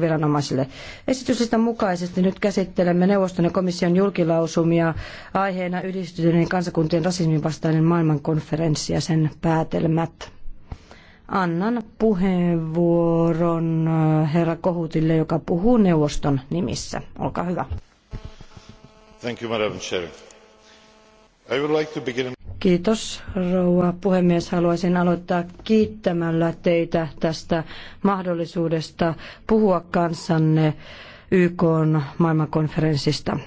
viranomaisille. Esityslistan mukaisesti nyt käsittelemme neuvoston ja komission julkilausumia aiheena yhdistyneiden kansakuntien rasismin vastainen maailmankonferenssi ja sen päätelmät. Annan puheenvuoron äh, herra Kohutille, joka puhuu neuvoston nimissä. Olkaa hyvä. Thank you, Madam Chair. I would like to begin... Kiitos rouva puhemies. Haluaisin aloittaa kiittämällä teitä tästä mahdollisuudesta puhua kanssanne YK maailmankonferenssista.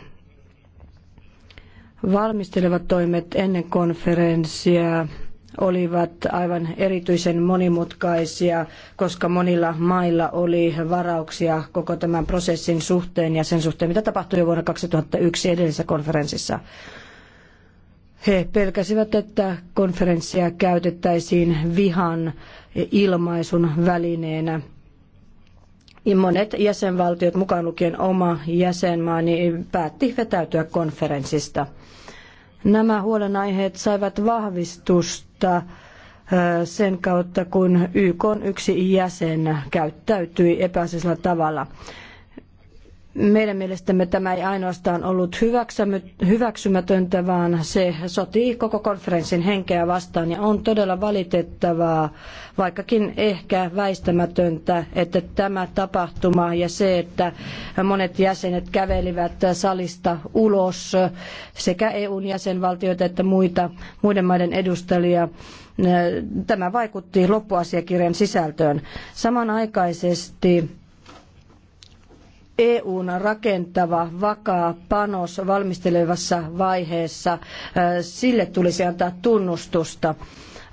Valmistelevat toimet ennen konferenssia olivat aivan erityisen monimutkaisia, koska monilla mailla oli varauksia koko tämän prosessin suhteen ja sen suhteen, mitä tapahtui jo vuonna 2001 edellisessä konferenssissa. He pelkäsivät, että konferenssia käytettäisiin vihan ilmaisun välineenä. Monet jäsenvaltiot, mukaan lukien oma jäsenmaani, päätti vetäytyä konferenssista. Nämä huolenaiheet saivat vahvistusta sen kautta, kun YK yksi jäsen käyttäytyi epäasiallisella tavalla. Meidän mielestämme tämä ei ainoastaan ollut hyväksymätöntä, vaan se sotii koko konferenssin henkeä vastaan ja on todella valitettavaa, vaikkakin ehkä väistämätöntä, että tämä tapahtuma ja se, että monet jäsenet kävelivät salista ulos sekä EUn jäsenvaltioita että muita, muiden maiden edustajia, tämä vaikutti loppuasiakirjan sisältöön. Samanaikaisesti EUn rakentava, vakaa panos valmistelevassa vaiheessa, äh, sille tulisi antaa tunnustusta.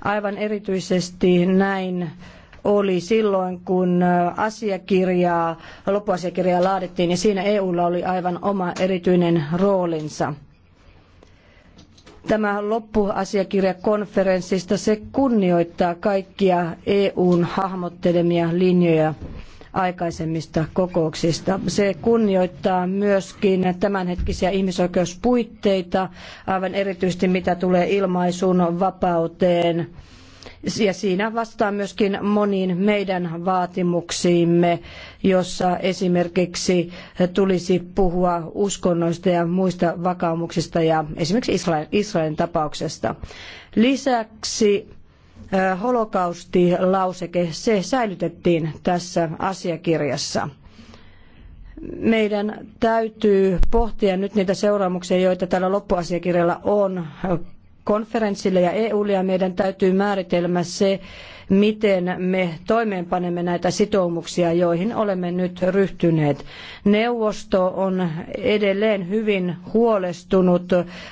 Aivan erityisesti näin oli silloin, kun äh, asiakirjaa, loppuasiakirjaa laadittiin, ja siinä EUlla oli aivan oma erityinen roolinsa tämä loppuasiakirja konferenssista, se kunnioittaa kaikkia EUn hahmottelemia linjoja aikaisemmista kokouksista. Se kunnioittaa myöskin tämänhetkisiä ihmisoikeuspuitteita, aivan erityisesti mitä tulee ilmaisun vapauteen. Ja siinä vastaa myöskin moniin meidän vaatimuksiimme, jossa esimerkiksi tulisi puhua uskonnoista ja muista vakaumuksista ja esimerkiksi Israelin tapauksesta. Lisäksi holokaustilausekkeesta se säilytettiin tässä asiakirjassa meidän täytyy pohtia nyt niitä seuraamuksia, joita tällä loppuasiakirjalla on konferenssille ja EUlle, ja meidän täytyy määritellä se, miten me toimeenpanemme näitä sitoumuksia, joihin olemme nyt ryhtyneet. Neuvosto on edelleen hyvin huolestunut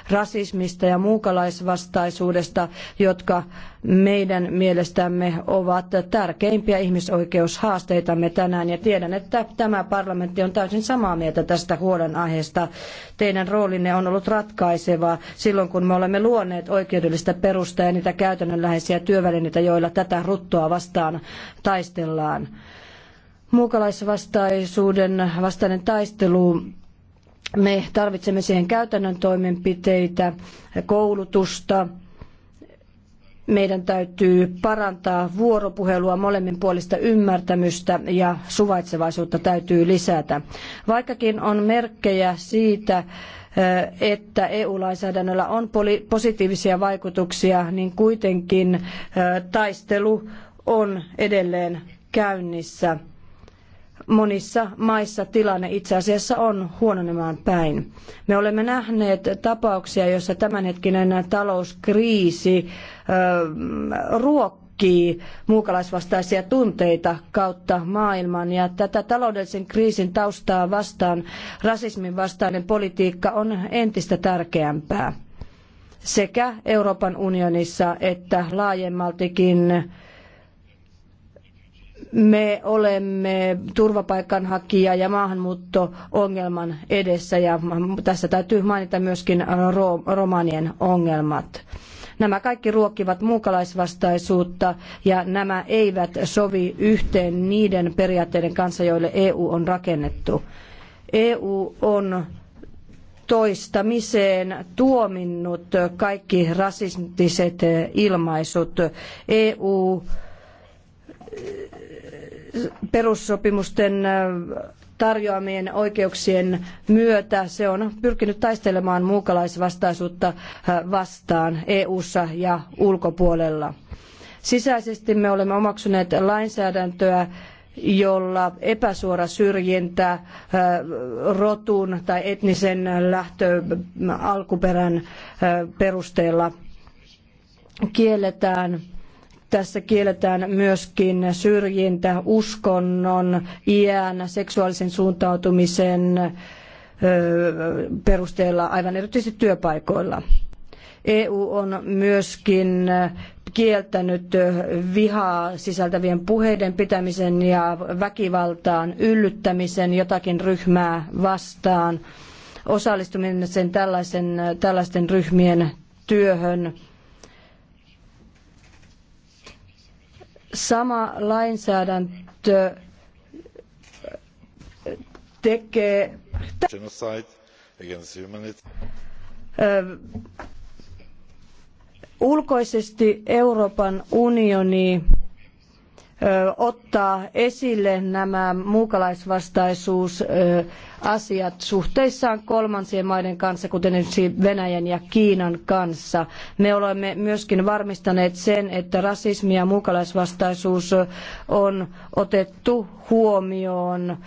rasismista ja muukalaisvastaisuudesta, jotka meidän mielestämme ovat tärkeimpiä ihmisoikeushaasteitamme tänään. Ja tiedän, että tämä parlamentti on täysin samaa mieltä tästä huolenaiheesta. Teidän roolinne on ollut ratkaiseva silloin, kun me olemme luoneet oikeudellista perustaa ja niitä käytännönläheisiä työvälineitä, joilla tätä ruttoa vastaan taistellaan. Muukalaisvastaisuuden vastainen taistelu me tarvitsemme siihen käytännön toimenpiteitä, koulutusta, meidän täytyy parantaa vuoropuhelua, molemminpuolista ymmärtämystä ja suvaitsevaisuutta täytyy lisätä. Vaikkakin on merkkejä siitä, että EU-lainsäädännöllä on positiivisia vaikutuksia, niin kuitenkin taistelu on edelleen käynnissä. Monissa maissa tilanne itse asiassa on huononemaan päin. Me olemme nähneet tapauksia, joissa tämänhetkinen talouskriisi ruokkii ruokkii muukalaisvastaisia tunteita kautta maailman. Ja tätä taloudellisen kriisin taustaa vastaan, rasismin vastainen politiikka on entistä tärkeämpää sekä Euroopan unionissa että laajemmaltikin me olemme turvapaikanhakija- ja maahanmuutto-ongelman edessä ja tässä täytyy mainita myöskin romanien ongelmat. Nämä kaikki ruokkivat muukalaisvastaisuutta ja nämä eivät sovi yhteen niiden periaatteiden kanssa, joille EU on rakennettu. EU on toistamiseen tuominnut kaikki rasistiset ilmaisut. EU eh, perussopimusten eh, tarjoamien oikeuksien myötä se on pyrkinyt taistelemaan muukalaisvastaisuutta äh, vastaan EU:ssa ja ulkopuolella. Sisäisesti me olemme omaksuneet lainsäädäntöä, jolla epäsuora syrjintä äh, rotun tai etnisen lähtö äh, alkuperän perusteella kielletään – tässä kielletään myöskin syrjintä uskonnon, iän, seksuaalisen suuntautumisen perusteella, aivan erityisesti työpaikoilla. EU on myöskin kieltänyt vihaa sisältävien puheiden pitämisen ja väkivaltaan yllyttämisen jotakin ryhmää vastaan, osallistumisen tällaisen, tällaisten ryhmien työhön – sama lainsäädäntö tekee ulkoisesti Euroopan unioni ottaa esille nämä muukalaisvastaisuusasiat suhteissaan kolmansien maiden kanssa, kuten esimerkiksi Venäjän ja Kiinan kanssa. Me olemme myöskin varmistaneet sen, että rasismi ja muukalaisvastaisuus on otettu huomioon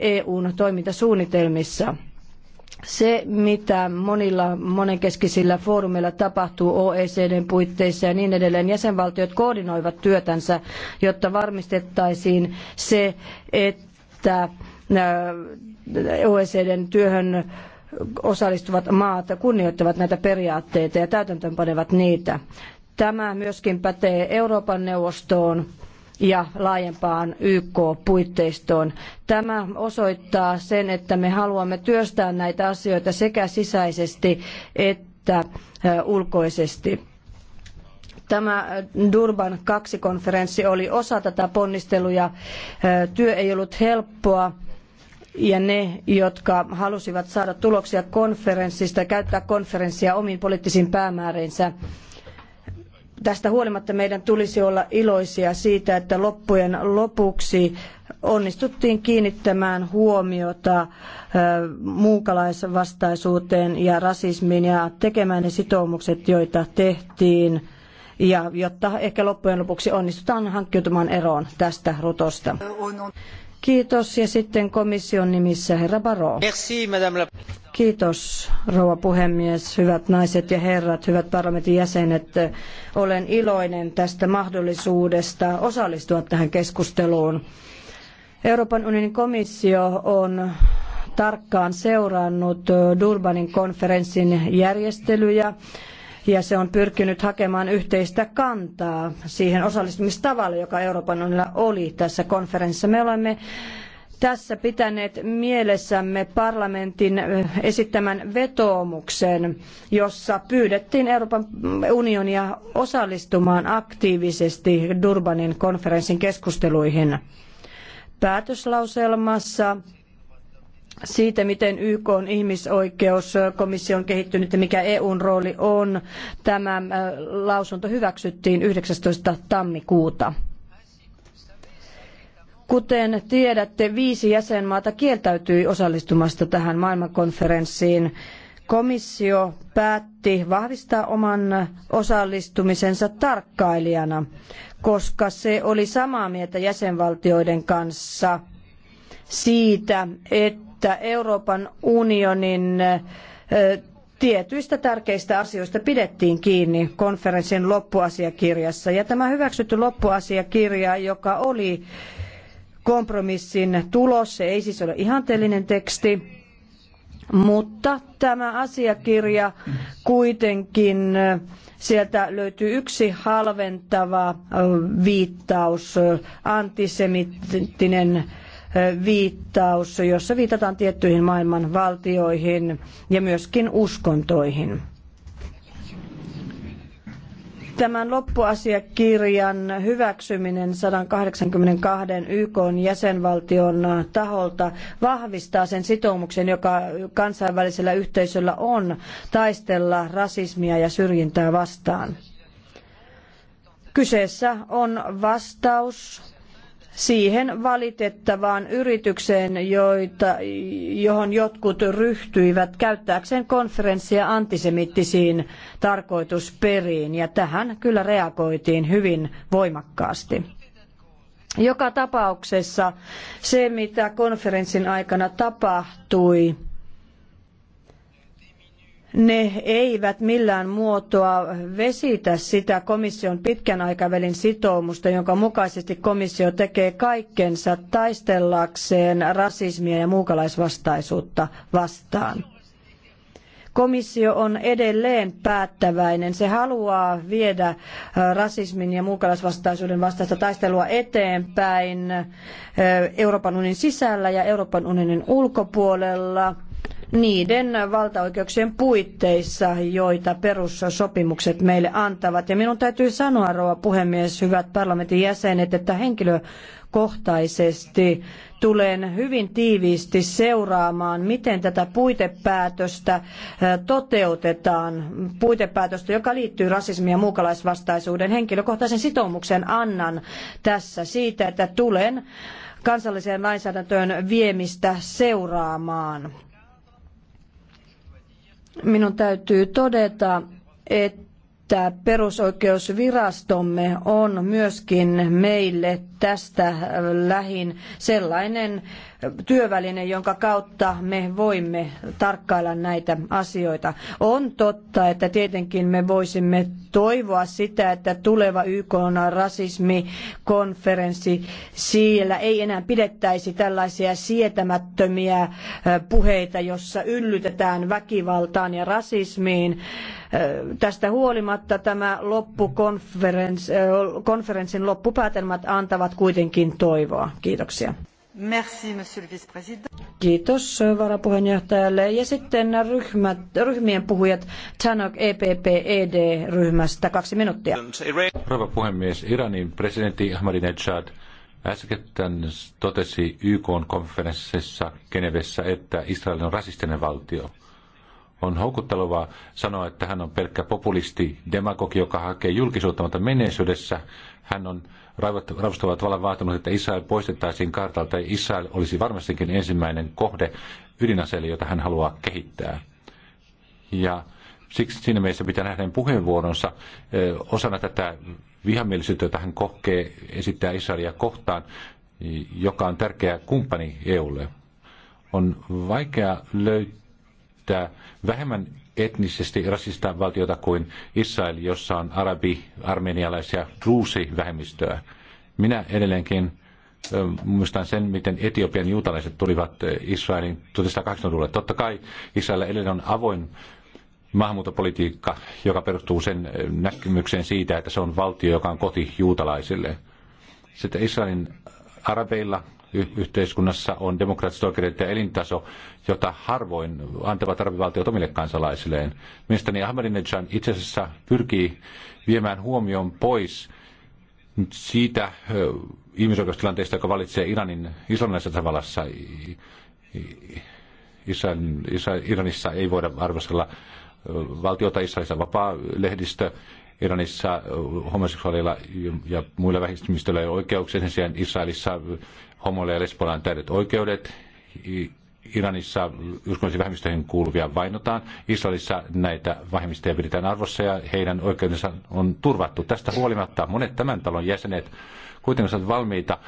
EUn toimintasuunnitelmissa se, mitä monilla monenkeskisillä foorumeilla tapahtuu OECDn puitteissa ja niin edelleen, jäsenvaltiot koordinoivat työtänsä, jotta varmistettaisiin se, että äh, OECDn työhön osallistuvat maat kunnioittavat näitä periaatteita ja täytäntöönpanevat niitä. Tämä myöskin pätee Euroopan neuvostoon ja laajempaan YK-puitteistoon. Tämä osoittaa sen, että me haluamme työstää näitä asioita sekä sisäisesti että ulkoisesti tämä Durban 2-konferenssi oli osa tätä ponnisteluja. Työ ei ollut helppoa ja ne, jotka halusivat saada tuloksia konferenssista, käyttää konferenssia omiin poliittisiin päämääriinsä, Tästä huolimatta meidän tulisi olla iloisia siitä, että loppujen lopuksi onnistuttiin kiinnittämään huomiota muukalaisvastaisuuteen ja rasismiin ja tekemään ne sitoumukset, joita tehtiin ja jotta ehkä loppujen lopuksi onnistutaan hankkiutumaan eroon tästä rutosta. Kiitos ja sitten komission nimissä herra Baro. Merci, madame la... Kiitos rouva puhemies, hyvät naiset ja herrat, hyvät parlamentin jäsenet. Olen iloinen tästä mahdollisuudesta osallistua tähän keskusteluun. Euroopan unionin komissio on tarkkaan seurannut Durbanin konferenssin järjestelyjä ja se on pyrkinyt hakemaan yhteistä kantaa siihen osallistumistavalle, joka Euroopan unionilla oli tässä konferenssissa. Me olemme tässä pitäneet mielessämme parlamentin esittämän vetoomuksen, jossa pyydettiin Euroopan unionia osallistumaan aktiivisesti Durbanin konferenssin keskusteluihin. Päätöslauselmassa siitä, miten YK on ihmisoikeuskomissio on kehittynyt ja mikä EUn rooli on. Tämä äh, lausunto hyväksyttiin 19. tammikuuta. Kuten tiedätte, viisi jäsenmaata kieltäytyi osallistumasta tähän maailmankonferenssiin. Komissio päätti vahvistaa oman osallistumisensa tarkkailijana, koska se oli samaa mieltä jäsenvaltioiden kanssa – siitä, että Euroopan unionin tietyistä tärkeistä asioista pidettiin kiinni konferenssin loppuasiakirjassa. Ja tämä hyväksytty loppuasiakirja, joka oli kompromissin tulos, se ei siis ole ihanteellinen teksti, mutta tämä asiakirja kuitenkin, sieltä löytyy yksi halventava viittaus, antisemittinen viittaus, jossa viitataan tiettyihin maailman valtioihin ja myöskin uskontoihin. Tämän loppuasiakirjan hyväksyminen 182 YK jäsenvaltion taholta vahvistaa sen sitoumuksen, joka kansainvälisellä yhteisöllä on taistella rasismia ja syrjintää vastaan. Kyseessä on vastaus siihen valitettavaan yritykseen, joita, johon jotkut ryhtyivät käyttääkseen konferenssia antisemittisiin tarkoitusperiin, ja tähän kyllä reagoitiin hyvin voimakkaasti. Joka tapauksessa se, mitä konferenssin aikana tapahtui, ne eivät millään muotoa vesitä sitä komission pitkän aikavälin sitoumusta, jonka mukaisesti komissio tekee kaikkensa taistellakseen rasismia ja muukalaisvastaisuutta vastaan. Komissio on edelleen päättäväinen. Se haluaa viedä äh, rasismin ja muukalaisvastaisuuden vastaista taistelua eteenpäin äh, Euroopan unionin sisällä ja Euroopan unionin ulkopuolella niiden valtaoikeuksien puitteissa, joita perussopimukset meille antavat. Ja minun täytyy sanoa, rouva puhemies, hyvät parlamentin jäsenet, että henkilökohtaisesti tulen hyvin tiiviisti seuraamaan, miten tätä puitepäätöstä äh, toteutetaan. Puitepäätöstä, joka liittyy rasismin ja muukalaisvastaisuuden henkilökohtaisen sitoumuksen annan tässä siitä, että tulen kansalliseen lainsäädäntöön viemistä seuraamaan minun täytyy todeta, että perusoikeusvirastomme on myöskin meille tästä lähin sellainen työväline, jonka kautta me voimme tarkkailla näitä asioita. On totta, että tietenkin me voisimme toivoa sitä, että tuleva YK on rasismikonferenssi, siellä ei enää pidettäisi tällaisia sietämättömiä puheita, jossa yllytetään väkivaltaan ja rasismiin. Tästä huolimatta tämä loppukonferenssin loppupäätelmät antavat kuitenkin toivoa. Kiitoksia. Kiitos varapuheenjohtajalle. Ja sitten ryhmät, ryhmien puhujat Tanok EPP ED-ryhmästä. Kaksi minuuttia. Rouva puhemies, Iranin presidentti Ahmadinejad äskettäin totesi YK-konferenssissa Genevessä, että Israel on rasistinen valtio. On houkuttelevaa sanoa, että hän on pelkkä populisti, demagogi, joka hakee julkisuutta, mutta menneisyydessä hän on ravustavat vallan vaatimus, että Israel poistettaisiin kartalta. ja Israel olisi varmastikin ensimmäinen kohde ydinaseelle, jota hän haluaa kehittää. Ja siksi siinä mielessä pitää nähdä puheenvuoronsa eh, osana tätä vihamielisyyttä, jota hän kohkee esittää Israelia kohtaan, joka on tärkeä kumppani EUlle. On vaikea löytää vähemmän etnisesti rasista valtiota kuin Israel, jossa on arabi, armenialaisia, vähemmistöä. Minä edelleenkin muistan sen, miten Etiopian juutalaiset tulivat Israelin 1980-luvulle. Totta kai Israel edelleen on avoin maahanmuuttopolitiikka, joka perustuu sen näkemykseen siitä, että se on valtio, joka on koti juutalaisille. Sitten Israelin arabeilla yhteiskunnassa on demokraattiset oikeudet ja elintaso, jota harvoin antavat arvivaltiot omille kansalaisilleen. Mielestäni Ahmadinejad itse asiassa pyrkii viemään huomion pois siitä ihmisoikeustilanteesta, joka valitsee Iranin islamilaisessa tavallassa. Israelin, Iranissa ei voida arvostella valtiota, Israelissa vapaa lehdistö, Iranissa homoseksuaaleilla ja muilla vähemmistöillä ei ole oikeuksia, sen sijaan Israelissa homoille ja lesboille on täydet oikeudet. Iranissa uskonnollisiin vähemmistöihin kuuluvia vainotaan. Israelissa näitä vähemmistöjä pidetään arvossa ja heidän oikeutensa on turvattu. Tästä huolimatta monet tämän talon jäsenet kuitenkin ovat valmiita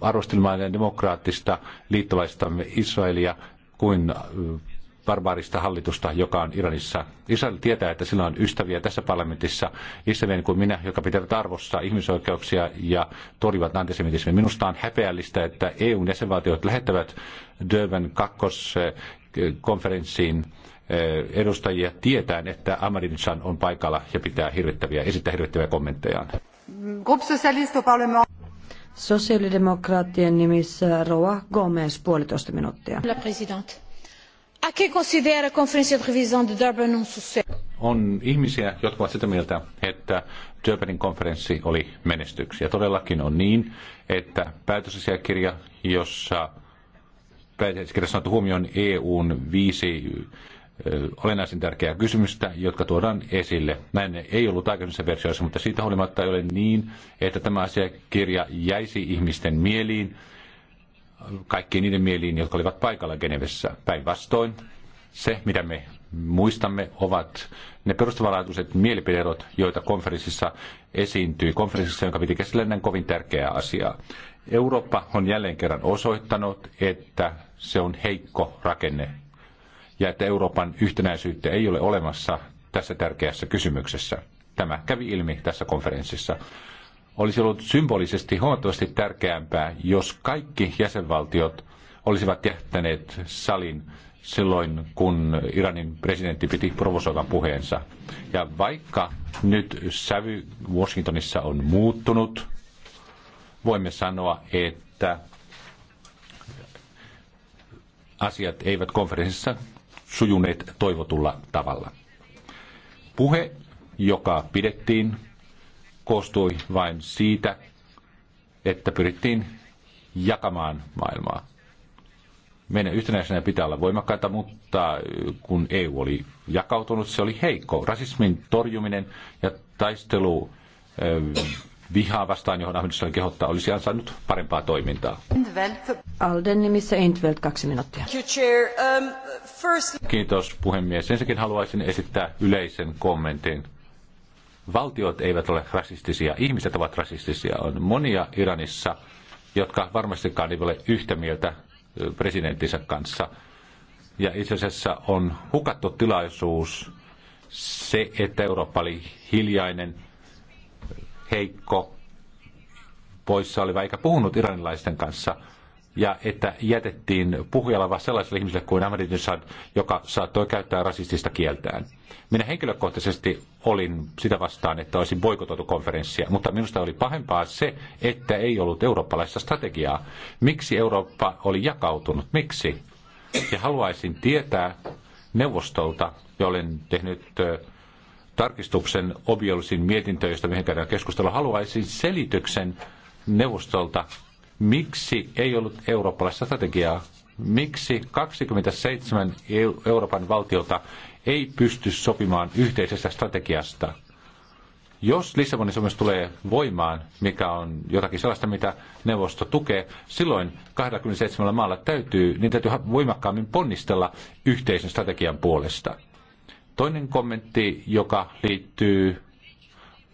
arvostelemaan demokraattista liittolaistamme Israelia kuin barbaarista hallitusta, joka on Iranissa. Israel tietää, että sillä on ystäviä tässä parlamentissa, ystäviä kuin minä, joka pitävät arvossa ihmisoikeuksia ja torjuvat antisemitismin. Minusta on häpeällistä, että EUn jäsenvaltiot lähettävät Durban kakkoskonferenssiin eh, edustajia tietäen, että Ahmadinejad on paikalla ja pitää hirvittäviä, esittää hirvittäviä kommenttejaan. Sosiaalidemokraattien nimissä Roa Gomez, puolitoista minuuttia. La Um on ihmisiä, jotka ovat sitä mieltä, että Durbanin konferenssi oli menestys. Ja todellakin on niin, että päätösasiakirja, jossa päätösasiakirjassa on huomioon EUn viisi olennaisen tärkeää kysymystä, jotka tuodaan esille. Näin ei ollut aikaisemmissa versioissa, mutta siitä huolimatta ei ole niin, että tämä asiakirja jäisi ihmisten mieliin – kaikkiin niiden mieliin, jotka olivat paikalla Genevessä. Päinvastoin se, mitä me muistamme, ovat ne perustavanlaatuiset mielipideerot, joita konferenssissa esiintyi. Konferenssissa, jonka piti käsitellä näin kovin tärkeää asiaa. Eurooppa on jälleen kerran osoittanut, että se on heikko rakenne ja että Euroopan yhtenäisyyttä ei ole olemassa tässä tärkeässä kysymyksessä. Tämä kävi ilmi tässä konferenssissa. Olisi ollut symbolisesti huomattavasti tärkeämpää, jos kaikki jäsenvaltiot olisivat jättäneet salin silloin, kun Iranin presidentti piti provosoivan puheensa. Ja vaikka nyt sävy Washingtonissa on muuttunut, voimme sanoa, että asiat eivät konferenssissa sujuneet toivotulla tavalla. Puhe, joka pidettiin koostui vain siitä, että pyrittiin jakamaan maailmaa. Meidän yhtenäisenä pitää olla voimakkaita, mutta kun EU oli jakautunut, se oli heikko. Rasismin torjuminen ja taistelu vihaa vastaan, johon Ahmadinejad kehottaa, olisi ansainnut parempaa toimintaa. Alden nimissä Intveld, kaksi minuuttia. Um, Kiitos puhemies. Ensinnäkin haluaisin esittää yleisen kommentin valtiot eivät ole rasistisia, ihmiset ovat rasistisia. On monia Iranissa, jotka varmastikaan eivät ole yhtä mieltä presidenttinsä kanssa. Ja itse asiassa on hukattu tilaisuus se, että Eurooppa oli hiljainen, heikko, poissa oli eikä puhunut iranilaisten kanssa – ja että jätettiin puhujalava sellaiselle ihmiselle kuin Ahmadinejad, joka saattoi käyttää rasistista kieltään. Minä henkilökohtaisesti olin sitä vastaan, että olisin boikotoitu konferenssia, mutta minusta oli pahempaa se, että ei ollut eurooppalaista strategiaa. Miksi Eurooppa oli jakautunut? Miksi? Ja haluaisin tietää neuvostolta, ja olen tehnyt tarkistuksen Obiolisin mietintöön, josta mihin käydään keskustelua, haluaisin selityksen neuvostolta Miksi ei ollut eurooppalaista strategiaa? Miksi 27 Euroopan valtiota ei pysty sopimaan yhteisestä strategiasta? Jos Lissabonin sopimus tulee voimaan, mikä on jotakin sellaista, mitä neuvosto tukee, silloin 27 maalla täytyy, niin täytyy voimakkaammin ponnistella yhteisen strategian puolesta. Toinen kommentti, joka liittyy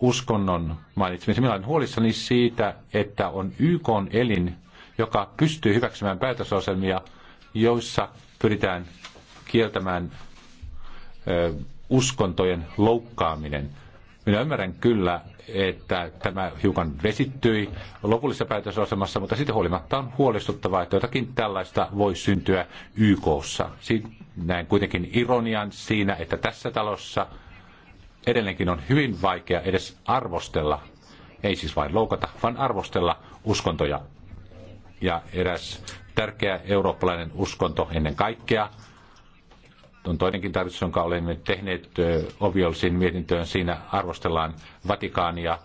uskonnon mainitsemisen. Minä olen huolissani siitä, että on YK elin, joka pystyy hyväksymään päätösasemia, joissa pyritään kieltämään ö, uskontojen loukkaaminen. Minä ymmärrän kyllä, että tämä hiukan vesittyi lopullisessa päätösasemassa, mutta sitten huolimatta on huolestuttavaa, että jotakin tällaista voi syntyä YKssa. Siin, näen kuitenkin ironian siinä, että tässä talossa – edelleenkin on hyvin vaikea edes arvostella, ei siis vain loukata, vaan arvostella uskontoja. Ja eräs tärkeä eurooppalainen uskonto ennen kaikkea, on toinenkin tarkoitus, jonka olemme tehneet Oviolsin mietintöön. Siinä arvostellaan Vatikaania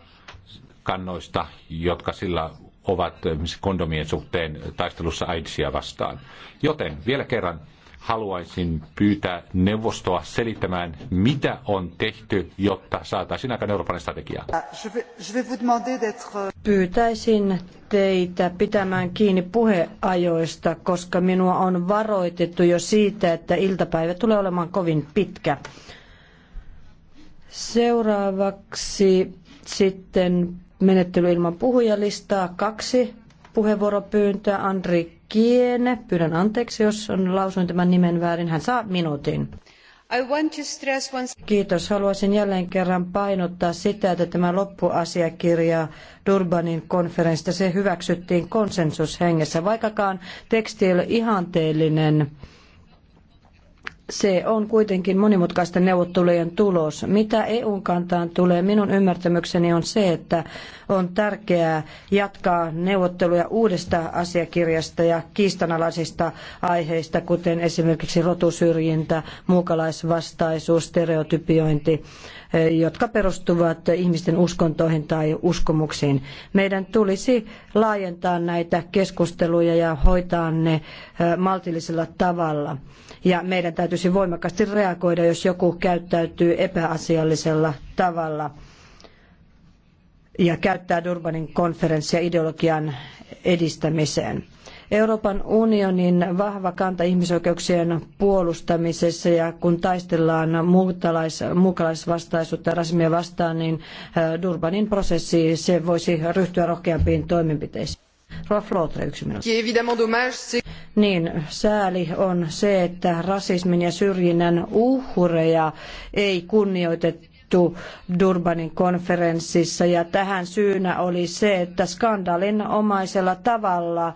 kannoista, jotka sillä ovat kondomien suhteen taistelussa AIDSia vastaan. Joten vielä kerran haluaisin pyytää neuvostoa selittämään, mitä on tehty, jotta saataisiin aikaan Euroopan strategia. Ah, euh, Pyytäisin teitä pitämään kiinni puheajoista, koska minua on varoitettu jo siitä, että iltapäivä tulee olemaan kovin pitkä. Seuraavaksi sitten menettely ilman puhujalistaa. Kaksi puheenvuoropyyntöä. Andri Kiene, pyydän anteeksi, jos on lausunut tämän nimen väärin, hän saa minuutin. Kiitos. Haluaisin jälleen kerran painottaa sitä, että tämä loppuasiakirja Durbanin konferenssista, se hyväksyttiin konsensushengessä, vaikkakaan teksti ei ole ihanteellinen se on kuitenkin monimutkaisten neuvottelujen tulos. Mitä EUn kantaan tulee, minun ymmärtämykseni on se, että on tärkeää jatkaa neuvotteluja uudesta asiakirjasta ja kiistanalaisista aiheista, kuten esimerkiksi rotusyrjintä, muukalaisvastaisuus, stereotypiointi, jotka perustuvat ihmisten uskontoihin tai uskomuksiin. Meidän tulisi laajentaa näitä keskusteluja ja hoitaa ne maltillisella tavalla. Ja meidän täytyy täytyisi voimakkaasti reagoida, jos joku käyttäytyy epäasiallisella tavalla ja käyttää Durbanin konferenssia ideologian edistämiseen. Euroopan unionin vahva kanta ihmisoikeuksien puolustamisessa ja kun taistellaan muukalais, muukalaisvastaisuutta ja rasismia vastaan, niin äh, Durbanin prosessi se voisi ryhtyä rohkeampiin toimenpiteisiin yksi minuutti. Niin, sääli on se, että rasismin ja syrjinnän uhreja ei kunnioitettu Durbanin konferenssissa ja tähän syynä oli se, että omaisella tavalla äh,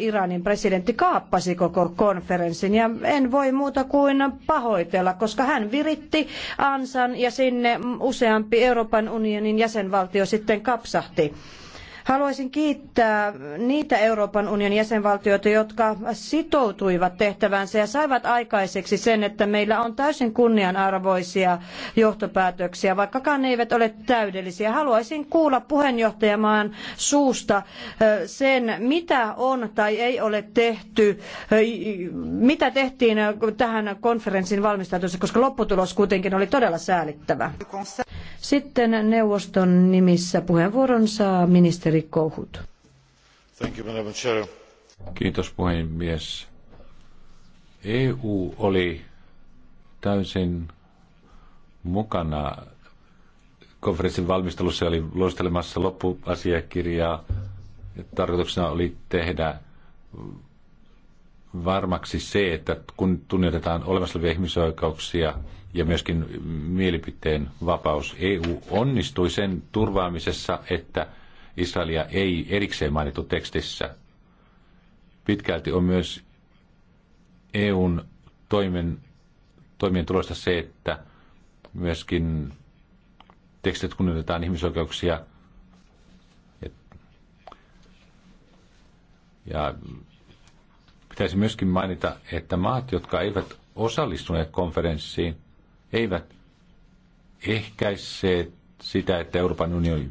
Iranin presidentti kaappasi koko konferenssin ja en voi muuta kuin pahoitella, koska hän viritti ansan ja sinne useampi Euroopan unionin jäsenvaltio sitten kapsahti. Haluaisin kiittää niitä Euroopan unionin jäsenvaltioita, jotka sitoutuivat tehtävänsä ja saivat aikaiseksi sen, että meillä on täysin kunnianarvoisia johtopäätöksiä, vaikkakaan ne eivät ole täydellisiä. Haluaisin kuulla puheenjohtajamaan suusta sen, mitä on tai ei ole tehty, mitä tehtiin tähän konferenssin valmistautumiseksi, koska lopputulos kuitenkin oli todella säälittävä. Sitten neuvoston nimissä puheenvuoron saa ministeri ministeri Kouhut. Kiitos puhemies. EU oli täysin mukana konferenssin valmistelussa oli luostelemassa loppuasiakirjaa. Tarkoituksena oli tehdä varmaksi se, että kun tunnetetaan olemassa olevia ihmisoikeuksia ja myöskin mielipiteen vapaus, EU onnistui sen turvaamisessa, että – Israelia ei erikseen mainittu tekstissä. Pitkälti on myös EUn toimen, toimien tulosta se, että myöskin tekstit kunnioitetaan ihmisoikeuksia ja pitäisi myöskin mainita, että maat, jotka eivät osallistuneet konferenssiin, eivät ehkäisseet sitä, että Euroopan unioni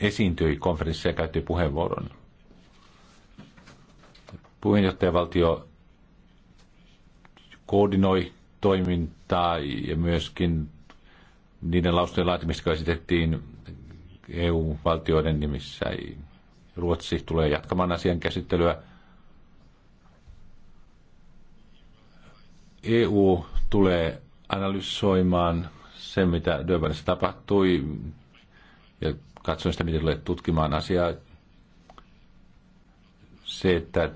esiintyi konferenssissa ja käytti puheenvuoron. Puheenjohtajavaltio koordinoi toimintaa ja myöskin niiden lausuntojen laatimista, jotka esitettiin EU-valtioiden nimissä. Ruotsi tulee jatkamaan asian käsittelyä. EU tulee analysoimaan sen, mitä Durbanissa tapahtui ja katson sitä, miten tulee tutkimaan asiaa. Se, että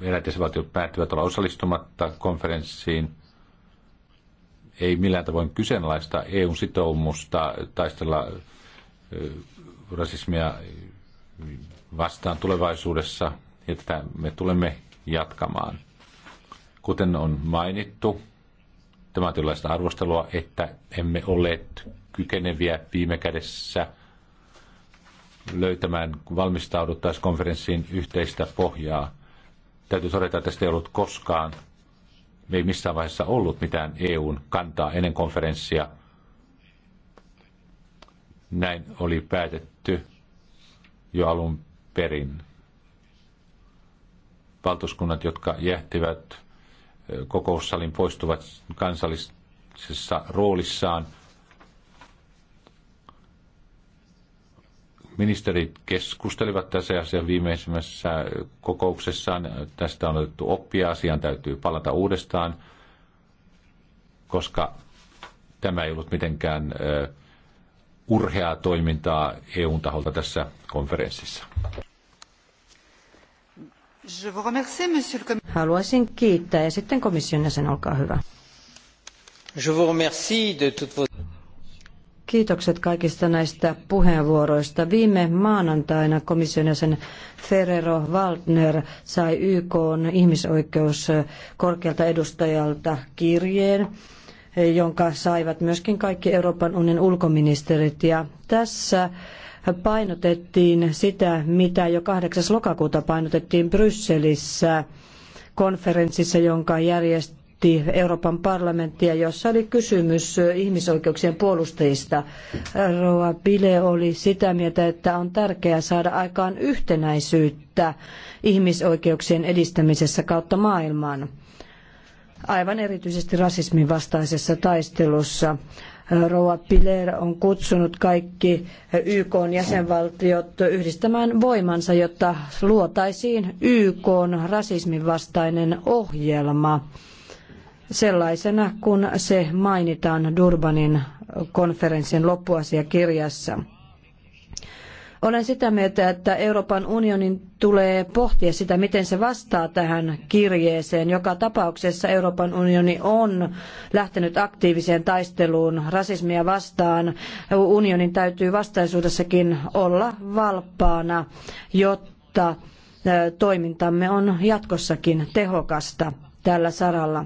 eräät jäsenvaltiot päättyvät olla osallistumatta konferenssiin, ei millään tavoin kyseenalaista EUn sitoumusta taistella rasismia vastaan tulevaisuudessa, ja tätä me tulemme jatkamaan. Kuten on mainittu, tämä on arvostelua, että emme ole kykeneviä viime kädessä – löytämään, kun valmistauduttaisiin konferenssiin yhteistä pohjaa. Täytyy todeta, että tästä ei ollut koskaan, ei missään vaiheessa ollut mitään EUn kantaa ennen konferenssia. Näin oli päätetty jo alun perin. Valtuuskunnat, jotka jähtivät kokoussalin, poistuvat kansallisessa roolissaan – Ministerit keskustelivat tässä asiassa viimeisimmässä kokouksessaan. Tästä on otettu oppia, asiaan täytyy palata uudestaan, koska tämä ei ollut mitenkään urheaa toimintaa EUn taholta tässä konferenssissa. Haluaisin kiittää ja sitten komission jäsen, olkaa hyvä. Je vous remercie de toute votre... Kiitokset kaikista näistä puheenvuoroista. Viime maanantaina komission jäsen Ferrero Waldner sai YK ihmisoikeus korkealta edustajalta kirjeen jonka saivat myöskin kaikki Euroopan unionin ulkoministerit. Ja tässä painotettiin sitä, mitä jo 8. lokakuuta painotettiin Brysselissä konferenssissa, jonka järjesti kohti Euroopan parlamenttia, jossa oli kysymys ihmisoikeuksien puolustajista. Roa Bile oli sitä mieltä, että on tärkeää saada aikaan yhtenäisyyttä ihmisoikeuksien edistämisessä kautta maailman, aivan erityisesti rasismin vastaisessa taistelussa. Rouva Piler on kutsunut kaikki YK jäsenvaltiot yhdistämään voimansa, jotta luotaisiin YK rasismin vastainen ohjelma sellaisena, kun se mainitaan Durbanin konferenssin loppuasiakirjassa. Olen sitä mieltä, että Euroopan unionin tulee pohtia sitä, miten se vastaa tähän kirjeeseen. Joka tapauksessa Euroopan unioni on lähtenyt aktiiviseen taisteluun rasismia vastaan. Unionin täytyy vastaisuudessakin olla valppaana, jotta toimintamme on jatkossakin tehokasta tällä saralla.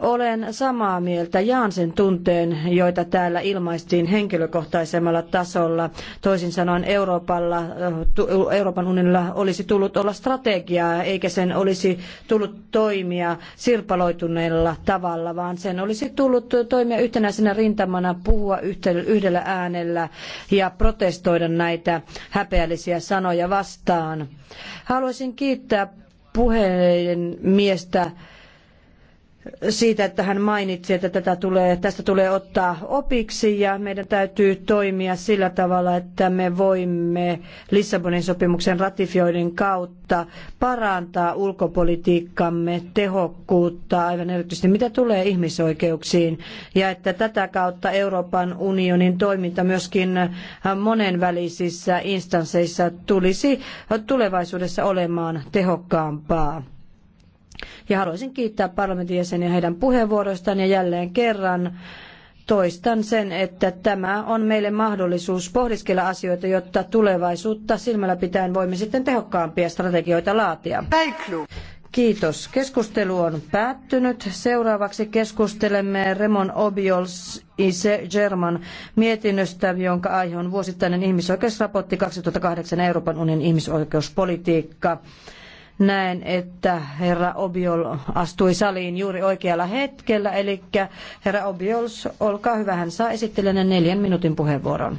Olen samaa mieltä, jaan sen tunteen, joita täällä ilmaistiin henkilökohtaisemmalla tasolla. Toisin sanoen Euroopalla, eh, Euroopan unionilla olisi tullut olla strategiaa, eikä sen olisi tullut toimia sirpaloituneella tavalla, vaan sen olisi tullut toimia yhtenäisenä rintamana, puhua yhdellä äänellä ja protestoida näitä häpeällisiä sanoja vastaan. Haluaisin kiittää puheenmiestä miestä siitä, että hän mainitsi, että tätä tulee, tästä tulee ottaa opiksi ja meidän täytyy toimia sillä tavalla, että me voimme Lissabonin sopimuksen ratifioiden kautta parantaa ulkopolitiikkamme tehokkuutta, aivan erityisesti mitä tulee ihmisoikeuksiin, ja että tätä kautta Euroopan unionin toiminta myöskin monenvälisissä instansseissa tulisi tulevaisuudessa olemaan tehokkaampaa. Ja haluaisin kiittää parlamentin jäseniä heidän puheenvuoroistaan ja jälleen kerran toistan sen, että tämä on meille mahdollisuus pohdiskella asioita, jotta tulevaisuutta silmällä pitäen voimme sitten tehokkaampia strategioita laatia. Kiitos. Keskustelu on päättynyt. Seuraavaksi keskustelemme Remon Obiols Ise German mietinnöstä, jonka aihe on vuosittainen ihmisoikeusraportti 2008 Euroopan unionin ihmisoikeuspolitiikka. Näen, että herra Obiol astui saliin juuri oikealla hetkellä, eli herra Obiols, olkaa hyvä, hän saa esittelijänne neljän minuutin puheenvuoron.